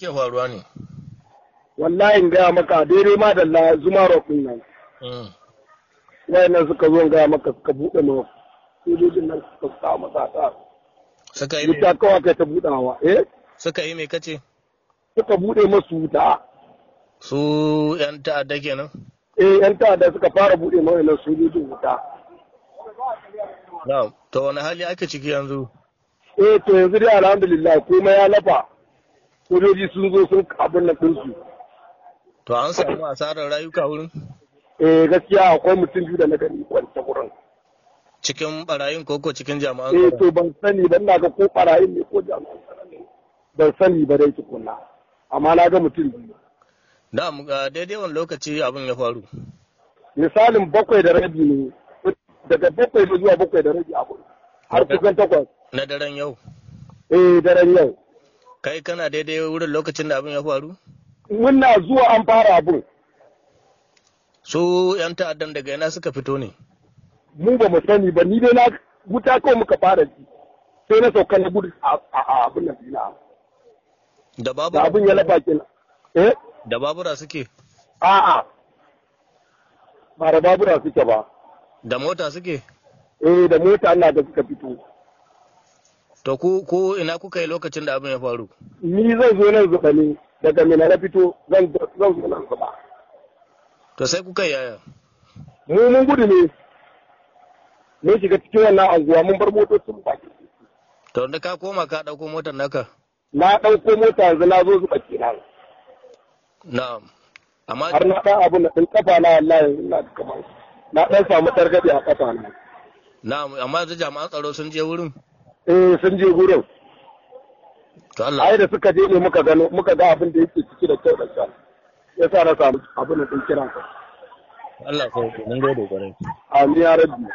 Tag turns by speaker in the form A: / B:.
A: ke faruwa ne? Wallahi in gaya maka daidai ma da zuma rock din nan. Hmm. Wayannan suka zo gaya maka suka buɗe ma sojojin nan suka sa masa ta. Suka yi ta kawai kai ta buɗawa eh?
B: Suka yi mai kace?
A: Suka buɗe masu wuta. Su yan
B: ta'adda kenan?
A: Eh yan ta'adda suka fara buɗe ma wayannan sojojin wuta.
B: Na'am, to wani hali
A: ake ciki yanzu? Eh to yanzu dai alhamdulillah komai ya lafa. sojoji sun zo sun abin na kunsu. To an samu asarar rayuka wurin? Eh gaskiya akwai mutum biyu da na gani kwanta wurin.
B: Cikin barayin koko cikin jami'an Eh to
A: ban sani ban na ga ko barayin ne ko jami'an Ban sani ba dai tukunna. Amma na ga mutum biyu.
B: Da daidai wani lokaci abin ya faru.
A: Misalin bakwai da rabi ne daga bakwai da zuwa bakwai da rabi abu har kusan takwas.
B: Na daren yau.
A: Eh daren yau.
B: Kai kana daidai wurin lokacin da abin ya faru?
A: Muna zuwa an fara abin. Su
B: 'yan ta'addan daga yana suka fito ne?
A: Mu ba mu sani ba, ni dai na wuta kawai muka fara ji. Sai na sauka na gudu a abin da dina.
B: Da babura? Da abin ya lafa Eh? Da babura suke?
A: A'a. Ba da babura suke ba.
B: Da mota suke?
A: Eh, da mota Allah da suka fito. To ku ko
B: ina kuka yi lokacin da abin ya faru? Ni zan
A: zo nan zuba ne daga mina na fito zan zo nan zuba. To sai kuka yaya? Mu mun gudu ne. Mun shiga cikin wannan anguwa mun bar motocin ba.
B: To da ka koma ka dauko motar naka?
A: Na dauko mota yanzu na zo zuba kenan. Na'am. Amma har na dan abu na din kafa na wallahi ina da kamar na dan samu targaɗe a kafa na.
B: Na'am amma da jami'an tsaro sun je
A: wurin? eh sun je gurin to Allah ai da suka je ne muka gano muka ga abin da yake ciki da kyau da kyau ya sa na samu abin da sun kira ka Allah ya sauke mun gode gare ki amin ya rabbi